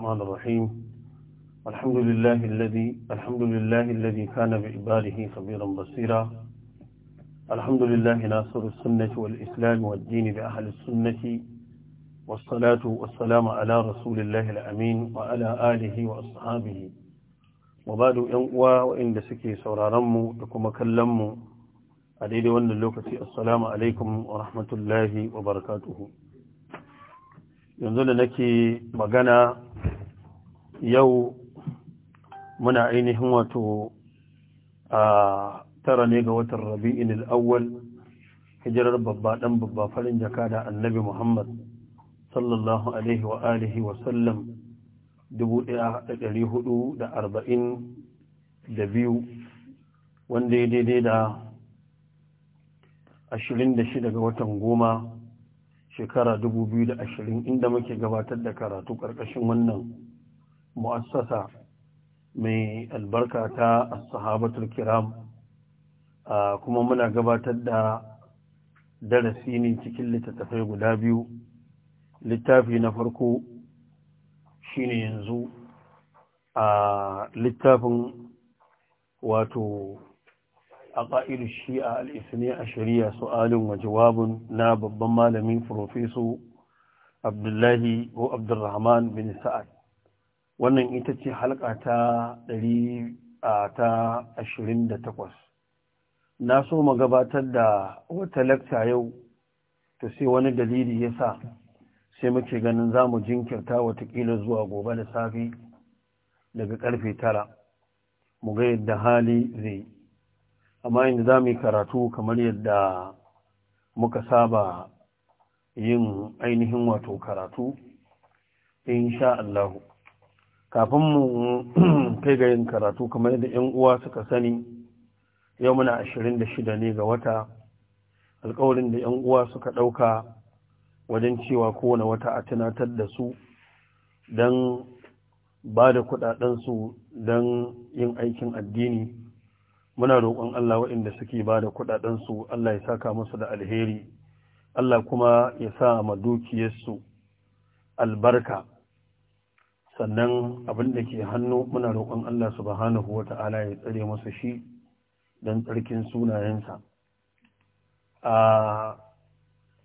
الرحمن الرحيم الحمد لله الذي الحمد لله الذي كان بعباده خبيرا بصيرا الحمد لله ناصر السنة والإسلام والدين بأهل السنة والصلاة والسلام على رسول الله الأمين وعلى آله وأصحابه وبعد ينقوى وإن دسكي سورارمو لكم كلمو أديد وأن اللوكة السلام عليكم ورحمة الله وبركاته yanzu da nake magana yau muna ainihin wato a tara ne ga watan rabi'in al'awwal hijirar babba ɗan babba farin jaka da annabi muhammad sallallahu alaihi wa alihi wa sallam 1442 wanda ya daidai da 26 ga watan goma shekara 2020 inda muke gabatar da karatu ƙarƙashin wannan Mu'asasa, mai albarka ta sahabatul kiram kuma muna gabatar da darasi ne cikin littattafai guda biyu littafi na farko shine yanzu a littafin wato a ƙa'idu shi'a al'isni a shari'a su'alin wa jawabin na babban malamin furofeso abdullahi ko abdulrahman bin sa'ad wannan ita ce halka ta ɗari ta ashirin da takwas na so mu gabatar da wata lakta yau Ta sai wani dalili ya sa sai muke ganin za mu jinkirta watakila zuwa gobe da safe daga karfe tara mu ga yadda hali zai amma inda za mu yi karatu kamar yadda muka saba yin ainihin wato karatu sha Allahu kafin mu kai ga yin karatu kamar yadda 'yan uwa suka sani yau muna ashirin da shida ne ga wata alkawarin da 'yan uwa suka ɗauka wajen cewa kowane wata a tunatar da su don ba da kuɗaɗensu don yin aikin addini muna roƙon Allah waɗanda suke ba da kuɗaɗensu Allah ya saka musu da alheri Allah kuma ya sa ma dukiyarsu albarka sannan abin da ke hannu muna roƙon Allah subhanahu wa ta'ala ya tsare masa shi don tsarkin sunayensa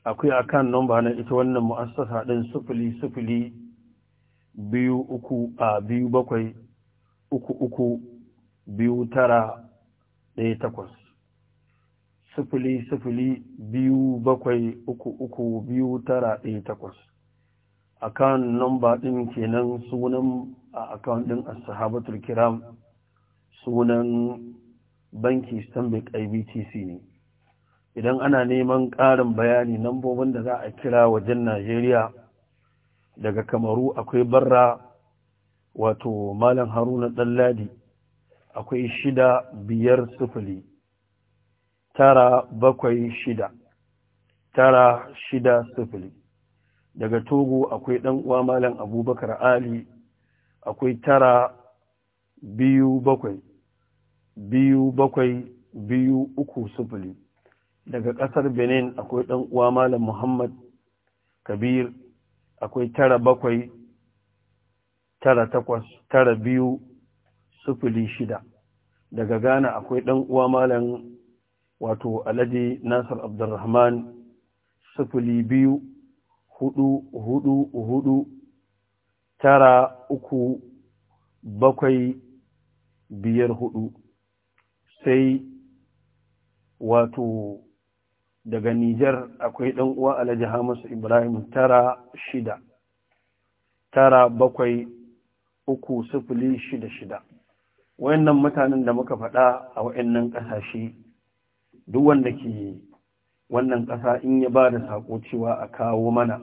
akwai akan ba na ita wannan mu'assasa ɗin sufuli sufuli biyu uku a biyu bakwai uku uku biyu tara ɗaya takwas sufuli sufuli biyu bakwai uku uku biyu tara ɗaya takwas akan namba ɗin kenan sunan a akan ɗin ashabatul kiram sunan banki stanbic ibtc ne idan ana neman ƙarin bayani nambobin da za a kira wajen najeriya daga kamaru akwai barra wato malam haruna ɗanladi akwai shida biyar sufuli tara bakwai shida tara shida sufuli daga togo akwai ɗan uwa malam abubakar ali akwai tara biyu bakwai biyu bakwai biyu uku sufuli daga ƙasar benin akwai ɗan uwa malam muhammad kabir akwai tara bakwai tara takwas tara biyu sufuli shida daga ghana akwai ɗan uwa malam wato alade nasir abdulrahman sufuli biyu hudu hudu hudu tara uku bakwai biyar hudu sai wato daga Nijar akwai ɗan uwa Alhaji Hamisu Ibrahim tara shida tara bakwai uku sifili shida shida wayannan mutanen da muka faɗa a wayannan ƙasashe duk wanda ke wannan ƙasa in ya ba da saƙo cewa a kawo mana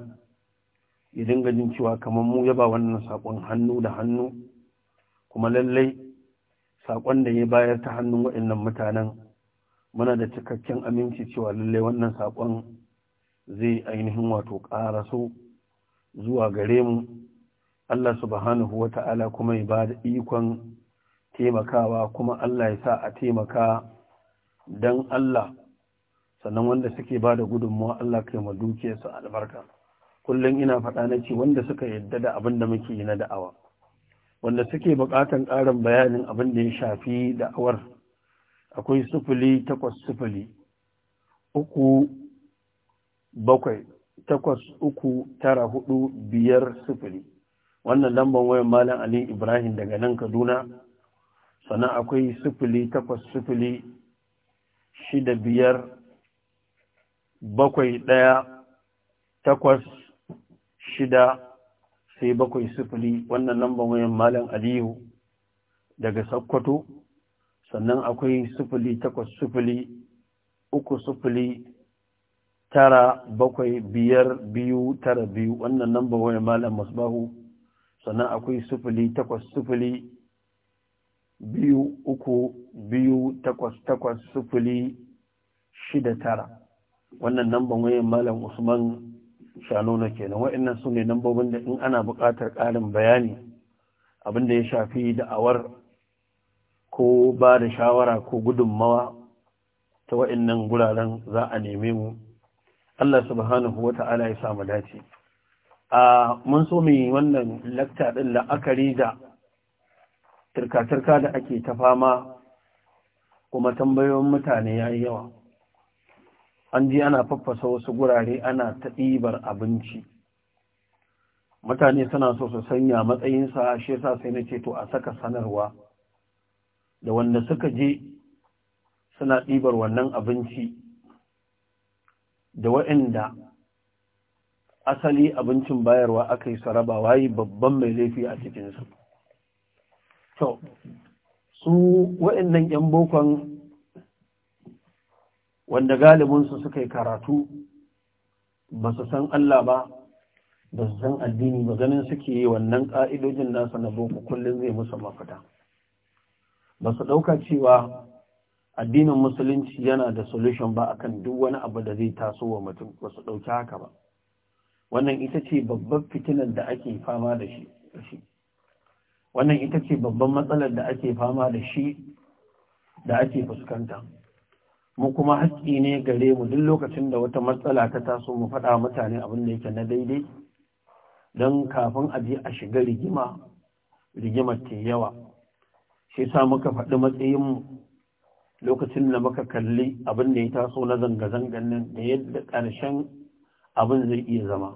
ya dinga jin cewa kamar mu ya ba wannan saƙon hannu da hannu kuma lallai saƙon da ya bayar ta hannun waɗannan mutanen muna da cikakken aminci cewa lallai wannan saƙon zai ainihin wato ƙara so zuwa gare mu Allah subhanahu wa ta'ala kuma ya ba da ikon taimakawa kuma Allah ya sa a taimaka dan Allah sannan wanda suke ba da gudunmawa Allah kai ma dukiyarsu albarka kullum ina faɗa na ce wanda suka yadda da abin da muke yi na da'awa wanda suke buƙatan ƙarin bayanin abin da ya shafi da'awar akwai sufuli takwas sufuli uku bakwai takwas uku tara hudu biyar sufuli wannan lambar wayan malam ali ibrahim daga nan kaduna sannan akwai sufuli takwas sufuli shida biyar bakwai ɗaya takwas shida sai bakwai sifili wannan lambar wayan malam aliyu daga sakkwato sannan akwai sifili takwas sifili uku sifili tara bakwai biyar biyu tara biyu wannan lambar wayan malam masbahu sannan akwai sifili takwas sifili biyu uku biyu takwas takwas sifili shida tara wannan namban wayan malam usman Shano na kenan wayannan su ne nambobin da in ana buƙatar ƙarin bayani abin da ya shafi da'awar ko ba da shawara ko gudunmawa ta wayannan guraren za a neme mu Allah subhanahu wata'ala ta'ala ya samu dace a mun so mu wannan lakta din la'akari da turka-turka da ake ta fama kuma tambayoyin mutane yayi yawa an ji ana faffasa wasu gurare ana ta ɗibar abinci mutane suna so su sanya matsayinsa shi yasa sai na ce to a saka sanarwa da wanda suka je suna ɗibar wannan abinci da waɗanda asali abincin bayarwa aka yi saraba wayi babban mai laifi a cikinsu. To, su waɗannan ‘yan bokon wanda galibinsu suka yi karatu ba su san Allah ba ba su san addini ba ganin suke yi wannan ƙa'idojin nasa na boko kullum zai musu mafita ba su ɗauka cewa addinin musulunci yana da solution ba akan duk wani abu da zai taso wa mutum ba su ɗauki haka ba wannan ita ce babban fitinar da ake fama da shi wannan ita ce babban matsalar da ake fama da shi da ake fuskanta. mu kuma haƙƙi ne gare mu duk lokacin da wata matsala ta taso mu faɗa mutane abin da yake na daidai don kafin a je a shiga rigima rigimar ke yawa shi sa muka faɗi matsayin lokacin da muka kalli abin da ya taso na zanga-zangan nan da yadda ƙarshen abin zai iya zama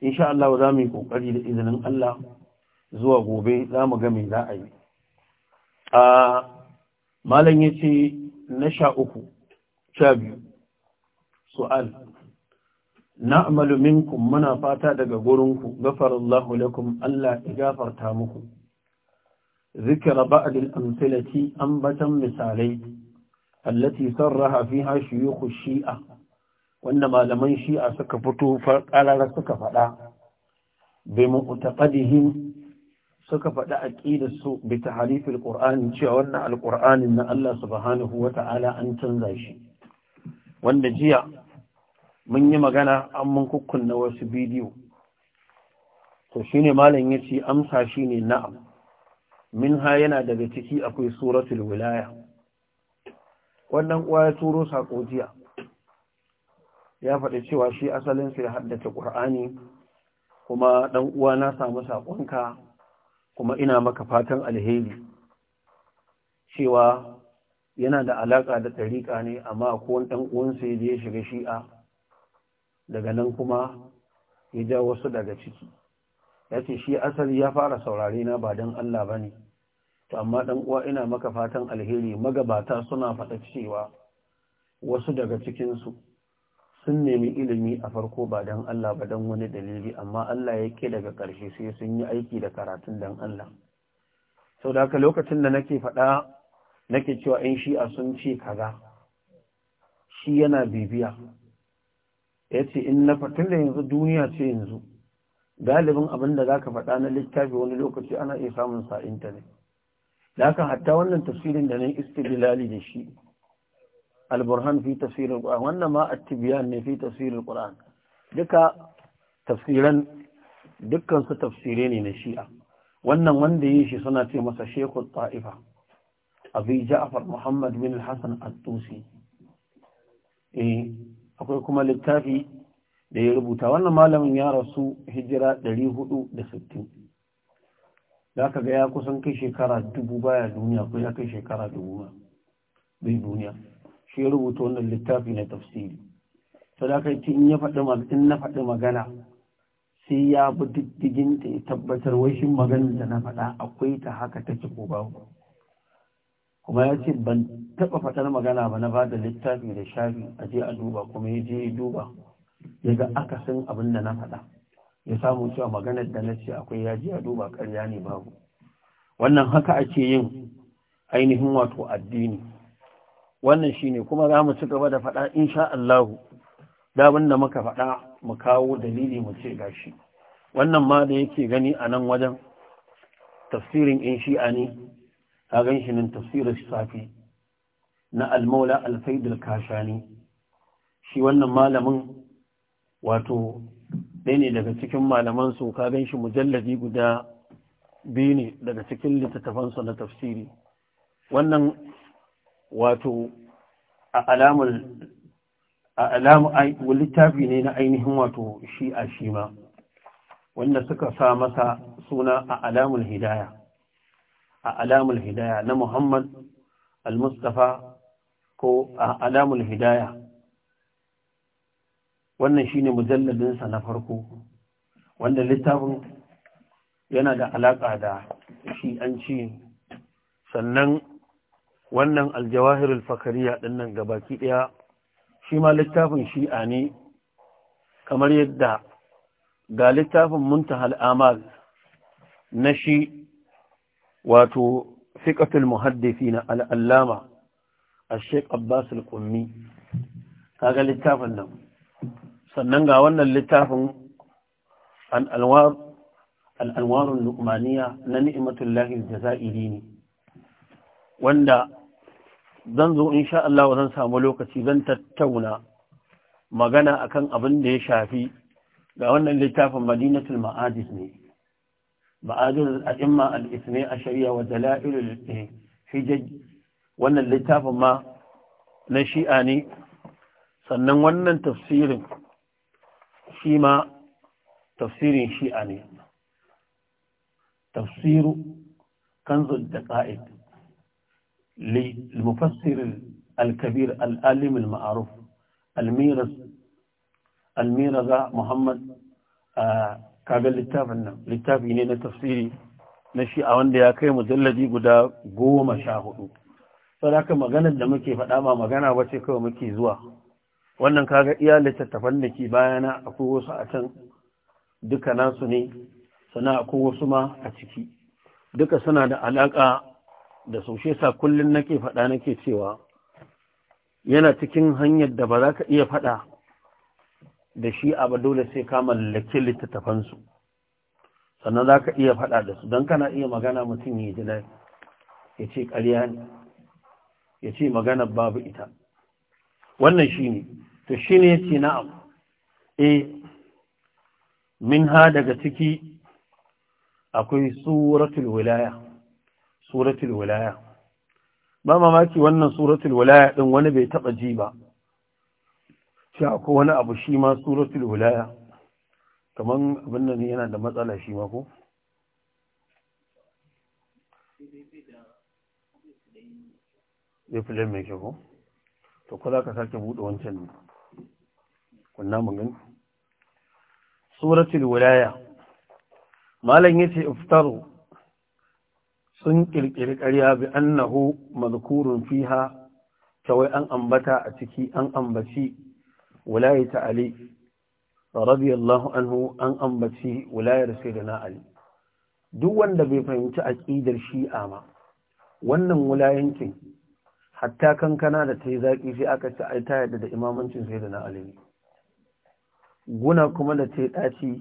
insha Allah za mu yi ƙoƙari da izinin Allah zuwa gobe za mu ga me za a yi a ah, malam ya na sha uku sha biyu su'al na'malu minkum muna fata daga gurinku gafarallahu lakum Allah ya gafarta muku zikira ba'adil amsilati amsalati ambatan misalai allati sarraha fiha shuyukh shia wanda malaman shi'a suka fito farqalara suka faɗa. bi mu'taqadihim suka fada aqidar su bi tahrif al cewa wannan Alƙur'anin na Allah subhanahu wata'ala an canza shi wanda jiya mun yi magana an mun kukkunna wasu bidiyo to shine malam ya ce amsa shi ne na'am minha yana daga ciki akwai suratul wilaya wannan uwa ya turo saƙo jiya ya faɗi cewa shi asalin sai haddace ƙur'ani, kuma ɗan uwa na samu saƙonka, kuma ina maka fatan alheri cewa yana da alaƙa da tariƙa ne amma ko wani ɗan uwansa ya je shiga shi'a daga nan kuma ya ja wasu daga ciki ya ce shi asali ya fara saurare na ba don Allah ba ne to amma ɗan uwa ina maka fatan alheri magabata suna faɗa cewa wasu daga cikinsu sun nemi ilimi a farko ba don Allah ba don wani dalili amma Allah ya ke daga ƙarshe sai sun yi aiki da karatun don Allah sau da haka lokacin da nake faɗa nake cewa ‘yan shi'a sun ce kaza shi yana bibiya ya ce in na fatan da yanzu duniya ce yanzu galibin abin da za ka faɗa na littafi wani lokaci ana iya samun sa intanet da aka hatta wannan tafsirin da nan istilali da shi alburhan fi tafsirin ƙwa'an wannan ma tibiyan ne fi tafsirin ƙwa'an duka tafsiran dukkansu tafsire ne na shi'a wannan wanda yi shi suna ce masa shekul ta'ifa abi ja'far muhammad bin hassan at-tusi eh akwai kuma littafi da ya rubuta wannan malamin ya rasu hijira 460 da ka ga ya kusan kai shekara dubu baya duniya ko ya kai shekara dubu ma bai duniya shi ya rubuta wannan littafi na tafsiri sadaka ce in ya faɗi in na faɗi magana sai ya bi diddigin ta tabbatar wai shin maganar da na faɗa akwai ta haka take ko babu kuma ya ce ban taɓa fatar magana ba na ba da littafi da shafi a je a duba kuma ya je ya duba ya ga akasin abin da na faɗa ya samu cewa maganar da na ce akwai ya je a duba ƙarya ne babu wannan haka ake yin ainihin wato addini wannan shine kuma za mu ci gaba da faɗa in sha Allahu da wanda da muka faɗa mu kawo dalili mu ce gashi wannan ma da yake gani a nan wajen tafsirin in shi'a ne ka gan shi nan safi na almaula alfaidul kashani shi wannan malamin wato ɗaya ne daga cikin malaman su ka ganshi mujalladi guda biyu ne daga cikin littattafansa na tafsiri wannan wato a alamul a alamu littafi ne na ainihin wato shi a shi ma wanda suka sa masa suna a alamul hidaya a alamul hidaya na Muhammad al-Mustafa ko a alamul hidaya wannan shine mujalladinsa na farko wanda littafin yana da alaƙa da shi an ci sannan wannan aljawahirul fakariya nan gabaki ɗaya shi ma littafin shi'a ne kamar yadda ga littafin muntahal amal na shi wato fiƙatul muhaddisi na al’allama a sheik Abbas al-Qummi kaga littafin nan sannan ga wannan littafin al lukmaniya na ni’imatun lahir da na ni'matullahi ne wanda zan zo in sha Allah zan samu lokaci zan tattauna magana akan abin da ya shafi ga wannan littafin madinatul ma'adis ne بعادل الأئمة الاثني عشرية ودلائل الحجج وأن اللي تاب ما نشيئاني سنن ونن تفسير فيما تفسير شيئاني تفسير كنز الدقائق للمفسر الكبير الألم المعروف الميرز الميرز محمد آه kaga littafin nan littafi ne na tafsiri na shi a wanda ya kai mujalladi guda goma sha hudu sadaka maganar da muke faɗa ma magana wace kawai muke zuwa wannan kaga iya littattafan da ke bayana akwai wasu a can duka nasu ne sana akwai wasu ma a ciki duka suna da alaƙa da saushe sa kullum nake faɗa nake cewa yana cikin hanyar da ba za ka iya faɗa da shi ba dole sai ka mallaki littattafansu sannan za ka iya faɗa da su don kana iya magana mutum ya ji ya ce ƙarya ne ya ce magana babu ita wannan shi ne to shi ne ya ce na'am e min ha daga ciki akwai suratul wilaya suratul wilaya ba mamaki wannan suratul wilaya ɗin wani bai taɓa ji ba shi ko wani abu shi ma suratul wilaya kaman abin nan yana da matsala shi ma ko zai fi mai kyau ko to ko za ka sake buɗe wancan kunna mun gani suratul wilaya malam yace iftaru sun kirkiri ƙarya bi annahu mazkurun fiha kawai an ambata a ciki an ambaci wilayata ali radiyallahu anhu an ambaci wilayar sayyidina ali duk wanda bai fahimci aqidar shi'a ma wannan wulayancin hatta kankana da ta yi zaƙi sai aka ci ai ta yadda da imamancin sai da na alimi guna kuma da ta yi ɗaci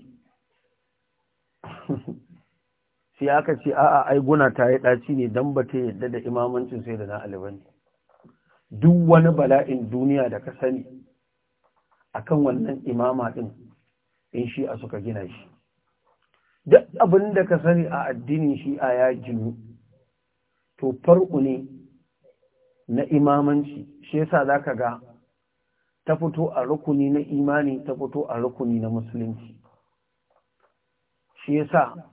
sai aka ce a'a ai guna ta yi ɗaci ne don ba ta yadda da imamancin sai da na Ali alimi duk wani bala'in duniya da ka sani akan wannan imama ɗin in shi a suka gina shi duk abin da ka sani a addinin shi a ya jinu to farko ne na imamanci shi yasa za ka ga ta fito a rukuni na imani ta fito a rukuni na musulunci shi yasa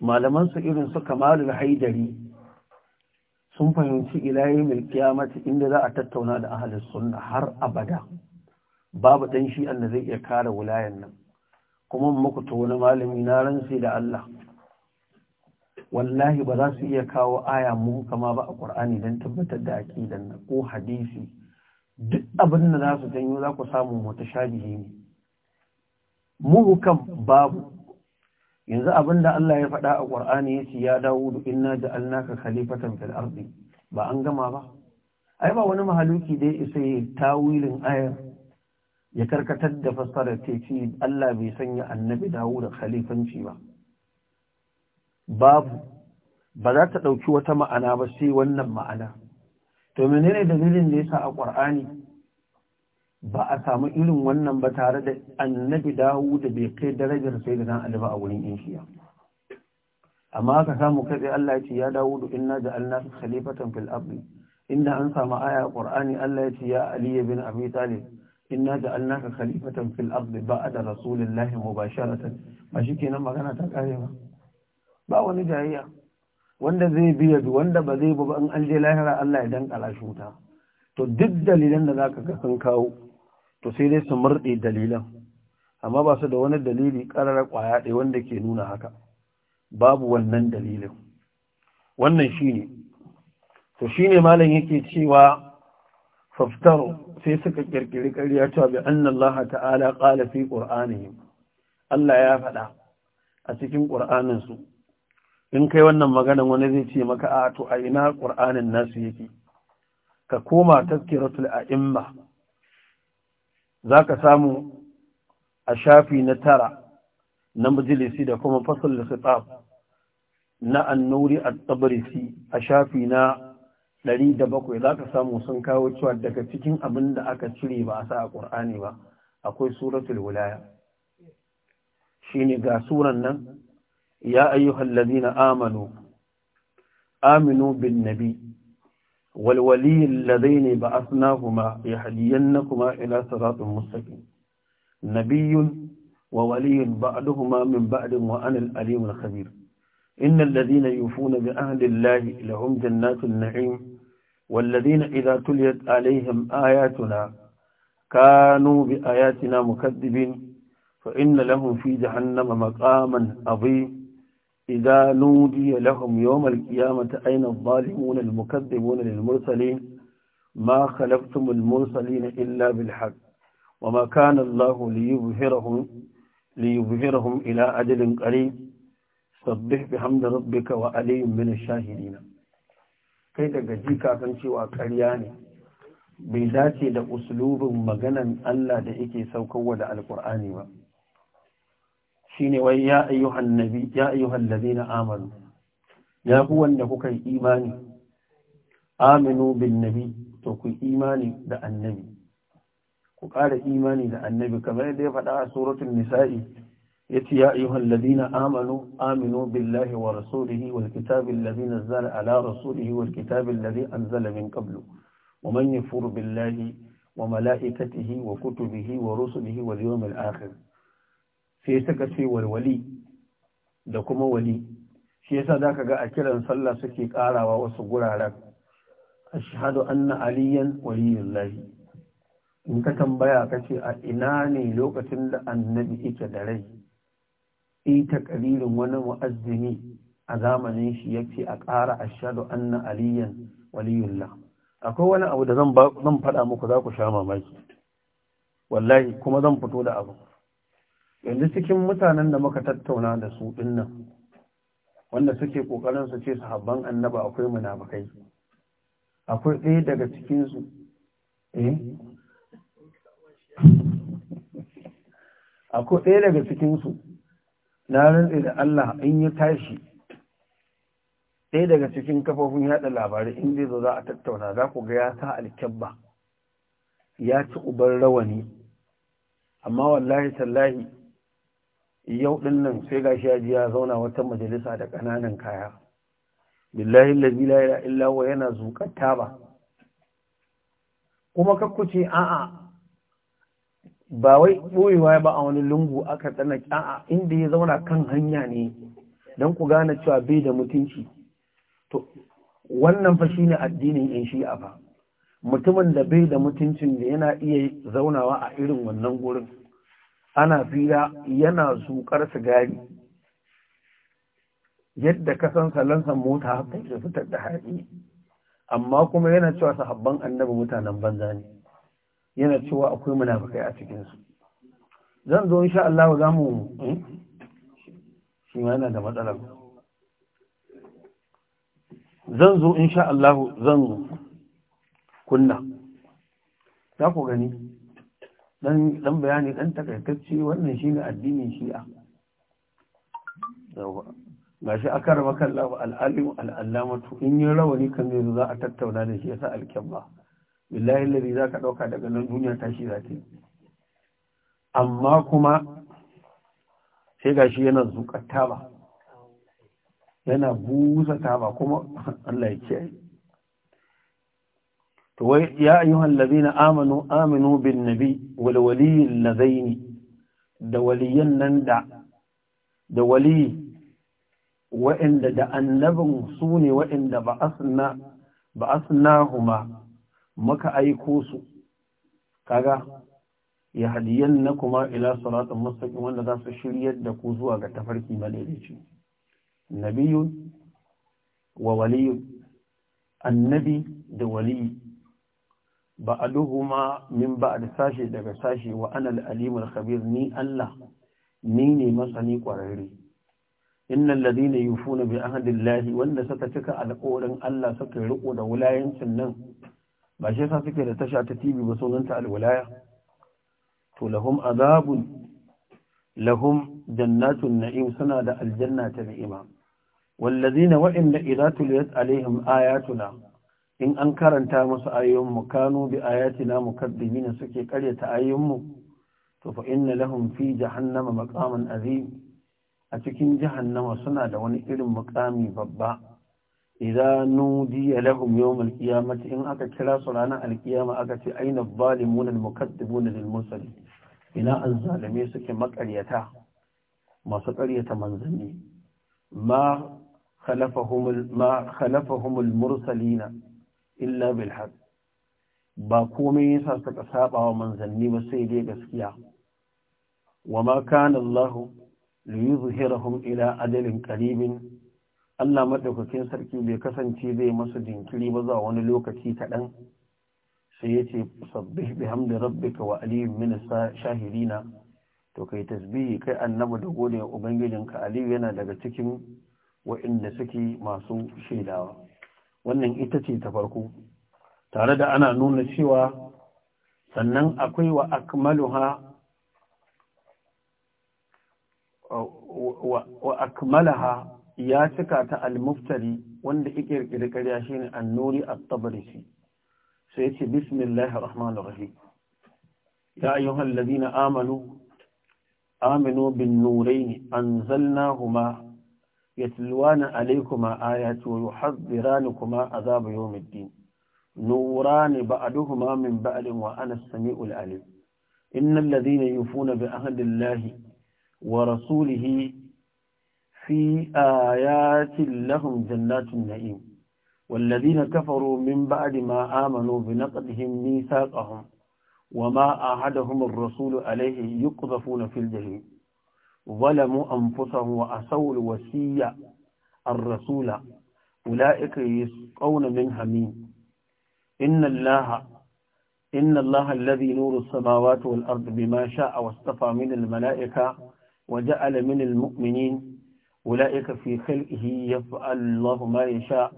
malamansu irin su kamalul haidari sun fahimci ilayi mai kiyamata inda za a tattauna da ahalin sunna har abada babu ɗan shi da zai iya kare wulayan nan kuma muku ta wani malami na sai da Allah wallahi ba za su iya kawo aya mun kama ba a ƙur'ani don tabbatar da aƙidan nan ko hadisi duk abin da za su janyo za ku samu mutashabihi ne muhukam babu yanzu abin da Allah ya faɗa a ƙwar'ani ya ce ya dawo da inna da alnaka khalifatan fil ardi ba an gama ba ai ba wani mahaluki da ya isa yi tawilin ayar ya karkatar da fassarar ta ce Allah bai sanya annabi dawo da khalifanci ba babu ba za ta ɗauki wata ma'ana ba sai wannan ma'ana to menene dalilin da yasa a ƙwar'ani ba a samu irin wannan ba tare da annabi dawo da bai kai darajar sai da nan ba a wurin inshiya amma aka samu kaɗai Allah ya ce ya dawo da inna ja'alna khalifatan fil inda an samu aya ƙwar'ani Allah ya ce ya Ali bin Abi Talib inna ja'alnaka khalifatan fil ardi ba'da rasulillahi mubasharatan ba shikenan magana ta kare ba ba wani jayayya wanda zai biya wanda ba zai ba in an je lahira Allah ya dankala shi wuta to duk dalilan da zaka ga sun kawo to sai dai su murde dalilan amma ba su da wani dalili karara kwaya dai wanda ke nuna haka babu wannan dalilin wannan shine to shine malam yake cewa faftaru sai suka kirkiri ƙarya cewa bi annallaha ta'ala qala fi qur'anihim Allah ya faɗa a cikin qur'anin su in kai wannan maganar wani zai ce maka a to a ina qur'anin nasu yake ka koma tazkiratul a'imma zaka samu a shafi na tara na majalisi da kuma fasal khitab na an-nuri at-tabrisi a shafi na ɗari da bakwai za ka samu sun kawo cewa daga cikin abin da aka cire ba a sa a ƙur'ani ba akwai suratul wilaya shi ne ga suran nan ya ayyuhal ladina amanu aminu bin nabi wal ladaini والولي الذين بعثناهما يهدينكما إلى صراط مستقيم min وولي wa من بعد وأنا الأليم الخبير إن الذين يوفون بأهل الله لهم جنات النعيم والذين إذا تليت عليهم آياتنا كانوا بآياتنا مكذبين فإن لهم في جهنم مقاما عظيم إذا نودي لهم يوم القيامة أين الظالمون المكذبون للمرسلين ما خلفتم المرسلين إلا بالحق وما كان الله ليبهرهم ليبهرهم إلى أجل قريب سبح بحمد ربك وعليم من الشاهدين kai daga ji kafin cewa ƙarya ne bai dace da usulubin maganan Allah da yake saukarwa da alƙur'ani ba shine wai ya ayyuhan nabi ya ayyuhan ladina amanu ya ku wanda kuka yi imani aminu bin nabi to ku imani da annabi ku ƙara imani da annabi kamar yadda ya faɗa a suratun nisa'i yace ya ayyuhal ladina amanu aminu billahi wa rasulihi wal kitabi alladhi nazzala ala rasulihi wal kitabi alladhi anzala min qablu ومن يفور بالله وملائكته وكتبه ورسله واليوم الآخر sai suka ce walwali da kuma wali shi yasa zaka ga a kiran sallah suke ƙarawa wasu guraren ashhadu anna aliyan waliyullahi in ka tambaya kace a ina ne lokacin da annabi yake da rai fi takaririn wani mu'azzimi a zamanin shi yake a ƙara ashadu anna aliyan waliyullah akwai wani abu da zan faɗa muku za ku sha mamaki wallahi kuma zan fito da abu yanzu cikin mutanen da muka tattauna da su dinnan wanda suke kokarin su ce sahabban annaba akwai munafikai akwai ɗaya daga cikin eh akwai ɗaya daga cikin na rantse da Allah in ya tashi ɗaya daga cikin kafofin yaɗa labarai in zai zo za a tattauna za ku ga ya sa alkyabba ya ci uban rawani amma wallahi tallahi yau ɗin nan sai gashi ya ya zauna wata majalisa da ƙananan kaya billahi lazi la illa wa yana zuƙar ba kuma kakkuce a'a ba wai ɓoyewa ba a wani lungu aka tsana a'a inda ya zauna kan hanya ne don ku gane cewa bai da mutunci to wannan fa shine addinin yan shi'a fa mutumin da bai da mutuncin da yana iya zaunawa a irin wannan gurin ana fira yana zukar sigari yadda ka san salansan mota haka ya fitar da haɗi amma kuma yana cewa sahabban annabi mutanen banza ne yana cewa akwai munafukai a cikinsu zan zo insha Allah za mu eh? shi yana da matsala zan zo insha Allah zan kunna za ku gani dan bayani dan takaitacce wannan shine addinin shi'a yawa gashi aka makallahu al-alim al-allamatu in yi rawani kan zai za a tattauna da shi yasa al-kibba billahi lalli za ka ɗauka daga nan duniya ta shi za ta amma kuma sai ga yana zuƙar ba yana busa taba kuma Allah ya kiyaye to wai ya amanu aminu bin nabi wal waliyil da waliyan nan da da waliyi wa'inda da annabin su ne wa'inda ba asna ba huma maka aiko su kaga ya hadiyan na kuma ila salatun mustaqim wanda za su shiryar da ku zuwa ga tafarki madaidaici Nabiyu wa waliyun annabi da wali ba aluhuma min ba da sashe daga sashe wa anal alimul khabir ni Allah ni ne masani ƙwararre innal ladina yufuna bi ahdillahi wanda suka cika alƙawarin Allah suka riko da wulayancin nan ba shi yasa suke da tasha ta TV ba sunanta alwilaya to lahum azabun lahum jannatun na'im suna da aljanna ta ni'ima wallazina wa'inda idza tuliyat alaihim ayatuna in an karanta musu ayoyin mu kanu bi ayatina mukaddibina suke karyata ayoyin mu to fa inna lahum fi jahannama maqaman azim a cikin jahannama suna da wani irin muqami babba idza nudiya lahum yawm alqiyamati in aka kira su ranar alqiyama aka ce aina zalimuna almukaththibuna lilmursalin ina azzalime suke maƙaryata masu ƙaryata manzanni ma khalafahum ma khalafahum illa bil ba komai yasa suka saba wa manzanni ba sai dai gaskiya wa ma kana Allah liyuzhirahum ila adalin qaribin Allah maɗaukakin sarki bai kasance zai masa jinkiri ba zuwa wani lokaci kaɗan sai ya ce sabbih bi hamdi rabbika wa aliyu min shahirina to kai tasbihi kai annabi da gode ubangijin ka aliyu yana daga cikin wa'inda suke masu shaidawa wannan ita ce ta farko tare da ana nuna cewa sannan akwai wa akmaluha wa akmalaha ya cika ta al wanda ke kirkiri ƙarya shi ne annuri a tabarisi sai ce rahman rahmanir rahim ya yi hallabi aminu bin nurai ne an ya tilwa na alaikuma aya toyo har bira kuma a zaba yau mai din nura ne ba a duhu ma wa ana sami ul'alim innan lalazi ne funa bi ahadin lahi wa rasulihi في آيات لهم جنات النعيم والذين كفروا من بعد ما آمنوا بنقدهم ميثاقهم وما أعدهم الرسول عليه يقذفون في الجحيم ظلموا أنفسهم وأسوا الوسيع الرسول أولئك يسقون من حميم إن الله إن الله الذي نور السماوات والأرض بما شاء واصطفى من الملائكة وجعل من المؤمنين أولئك في خلقه يفعل الله ما يشاء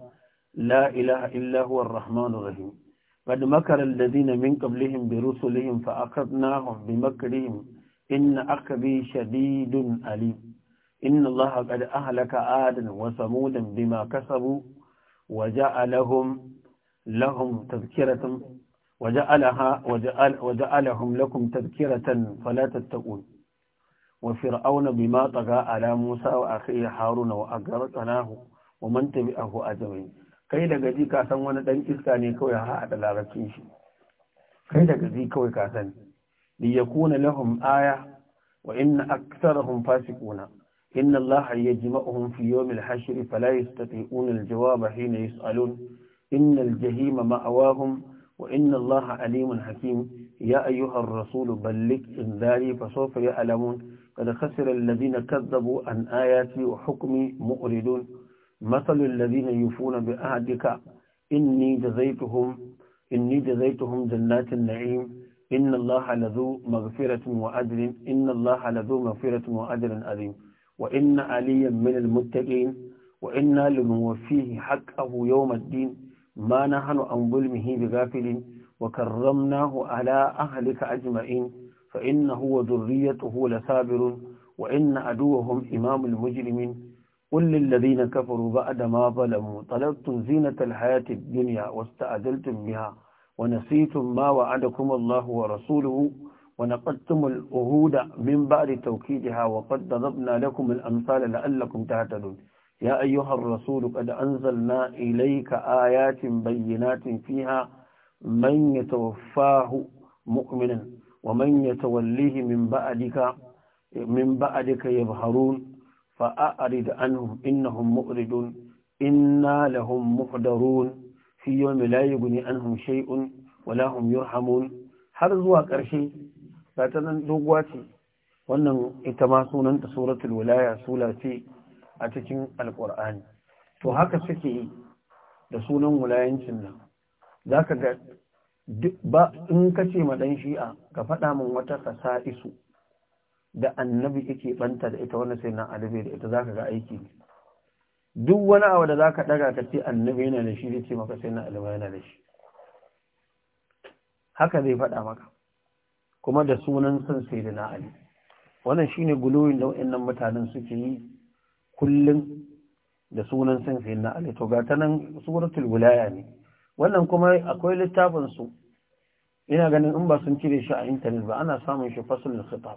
لا إله إلا هو الرحمن الرحيم قد مكر الذين من قبلهم برسلهم فأخذناهم بمكرهم إن أخذي شديد أليم إن الله قد أهلك آدا وثمودا بما كسبوا وجعلهم لهم تذكرة وجعلها وجعل وجعلهم لكم تذكرة فلا تتقون وفرعون بما طغى على موسى وأخيه هارون وأغرقناه ومن تبعه أجمعين kai daga ji ka san wani dan iska ne kawai ha da larabcin shi kai daga ji kawai ka san li yakuna lahum aya wa inna aktharahum fasiquna inna allaha yajma'uhum fi yawm al-hashr fala yastati'una al-jawab hina yus'alun inna al-jahima ma'awahum wa inna allaha alimun hakim ya ayyuha ar-rasul balligh indari fa sawfa ya'lamun قد خسر الذين كذبوا عن آياتي وحكمي مؤردون مثل الذين يفون بأهدك إني جزيتهم إني جزيتهم جنات النعيم إن الله لذو مغفرة وأجر إن الله لذو مغفرة وأجر عظيم وإن عليا من المتقين وإنا لنوفيه حقه يوم الدين ما نحن عن ظلمه بغافل وكرمناه على أهلك أجمعين فإنه وذريته لثابر وإن عدوهم إمام المجرمين قل للذين كفروا بعد ما ظلموا طلبتم زينة الحياة الدنيا واستعجلتم بها ونسيتم ما وعدكم الله ورسوله ونقدتم الأهود من بعد توكيدها وقد ضربنا لكم الأمثال لعلكم تهتدون يا أيها الرسول قد أنزلنا إليك آيات بينات فيها من يتوفاه مؤمنا ومن يتوليه من بعدك من بعدك يبهرون فأعرض عنهم إنهم مؤردون إنا لهم محضرون في يوم لا يغني عنهم شيء ولا هم يرحمون har zuwa ƙarshe ga ta nan doguwa ce wannan ita ma sunanta suratul wilaya sula ce a cikin alƙur'ani to haka suke yi da sunan wilayancin nan za ka ga duk ba in ka ma ɗan shi'a ka faɗa min wata kasa isu da annabi yake banta da ita wannan sai na alibe da ita zaka ga aiki duk wani abu da zaka daga ka ce annabi yana da shi zai maka sai na alibe yana da shi haka zai faɗa maka kuma da sunan san sai da na ali wannan shine guluwin da wayannan mutanen suke yi kullun da sunan san sai na ali to ga ta nan suratul wilaya ne wannan kuma akwai littafin su ina ganin in ba sun cire shi a intanet ba ana samun shi fasul khitab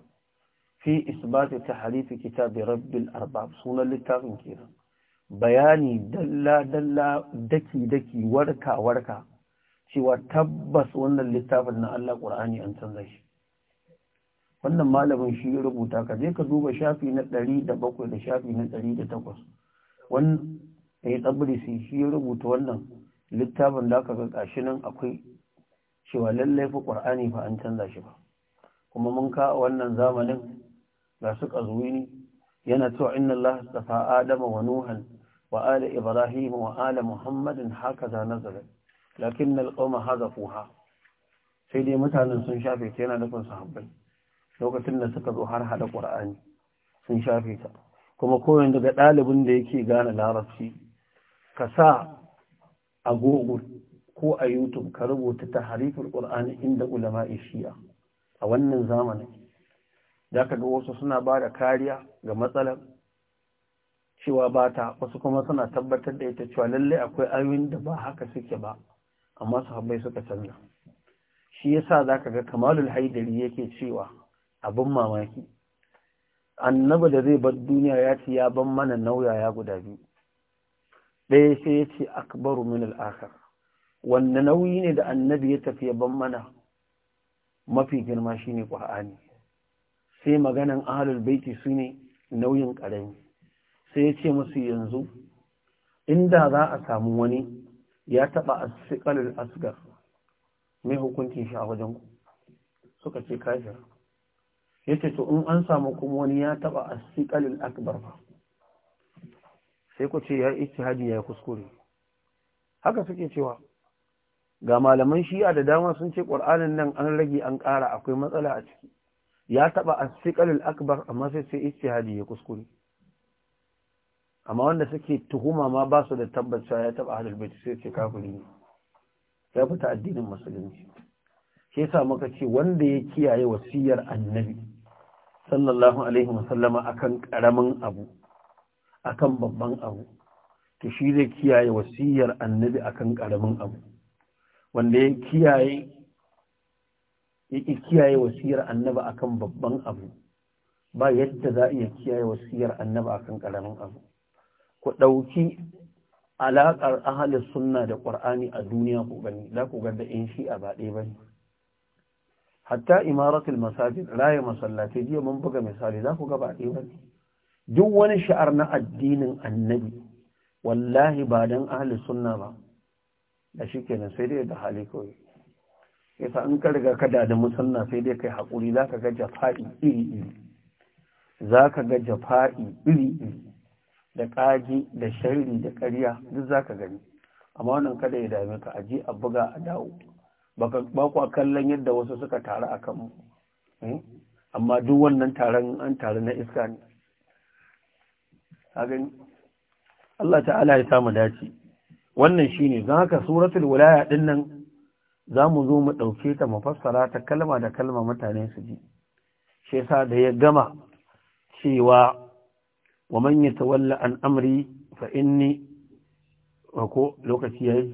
fi isbat tahrif kitab rabbil arbab sunan littafin kenan bayani dalla dalla daki daki warka warka cewa tabbas wannan littafin na Allah Qur'ani an canza shi wannan malamin shi ya rubuta ka je ka duba shafi na 107 da shafi na 108 wannan ya tsabri shi ya rubuta wannan littafin da aka ga gashi nan akwai cewa lallai ƙur'ani qur'ani fa an canza shi ba kuma mun ka wannan zamanin ga su qazwini yana cewa inna allaha astafa adama wa nuhan wa Ali ibrahim wa ala muhammadin hakaza nazala lakin haza fuha sai dai mutanen sun shafe ta yana nufin sahabbai lokacin da suka zo har haɗa qur'ani sun shafe ta kuma koyon daga ɗalibin da yake gane larabci ka sa a google ko a youtube ka rubuta tahariful qur'ani inda ulama shi'a a wannan zamanin da ka ga wasu suna ba da kariya ga matsalar cewa ba ta wasu kuma suna tabbatar da ita cewa lalle akwai ayoyin da ba haka suke ba amma su habbai suka canza shi yasa ka ga kamalul haidari yake cewa abin mamaki annabi da zai bar duniya ya ce ya ban mana nauyaya guda biyu ɗaya sai ya ce akbaru min al'akar wanda nauyi ne da annabi ya tafi ban mana mafi girma shi ne ƙwa'ani sai maganan ahalul baiti su ne nauyin ƙarami sai ya ce musu yanzu inda za a samu wani ya taɓa asikalul asgar mai hukuncin shi a wajen ku suka ce kafir ya ce to in an samu kuma wani ya taɓa asikalul akbar ba sai ku ce ya ijtihadi ya kuskure haka suke cewa ga malaman shi'a da dama sun ce qur'anin nan an rage an ƙara akwai matsala a ciki ya taba asiqalul akbar amma sai sai ijtihadi ya kuskure amma wanda suke tuhuma ma ba su da tabbata ya taba ahlul bait sai ce kafiri ne ya fita addinin musulunci shi yasa muka ce wanda ya kiyaye wasiyar annabi sallallahu alaihi wasallama akan karamin abu akan babban abu to shi zai kiyaye wasiyar annabi akan karamin abu wanda ya kiyaye yake kiyaye wasiyar annabi akan babban abu ba yadda za a iya kiyaye wasiyar annabi akan karamin abu ku ɗauki alaƙar ahalin sunna da ƙwar'ani a duniya ku gani za ku ga da in shi a ba ɗaya hatta imaratul masajid raya masallatai jiya mun buga misali za ku ga ba ɗaya ba duk wani sha'ar na addinin annabi wallahi ba don ahli sunna ba da shi kenan sai dai da hali kawai yasa in ka riga ka da musanna sai dai kai haƙuri za ka ga jafa'i iri-iri za ka ga jafa'i iri-iri da ƙaji da shari da ƙarya duk za ka gani amma wannan kada ya dame ka aji a buga a dawo ba a kallon yadda wasu suka taru a kanmu eh? amma duk wannan taron an taru na iska ne a Allah ta'ala ya samu dace wannan shine don haka suratul wilaya din nan zamu zo mu dauke ta mufassara ta kalma da kalma mutane su ji shi yasa da ya gama cewa wa man yatawalla an amri fa inni ko lokaci yayi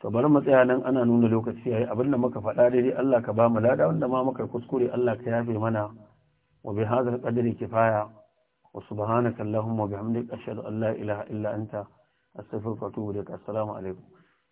to bari mu tsaya nan ana nuna lokaci yayi abinda muka faɗa daidai Allah ka ba mu lada wanda ma muka kuskure Allah ka yafe mana wa bi hadhal qadri kifaya wa subhanaka allahumma bihamdika allah an la ilaha illa anta astaghfiruka wa atubu ilaik assalamu alaikum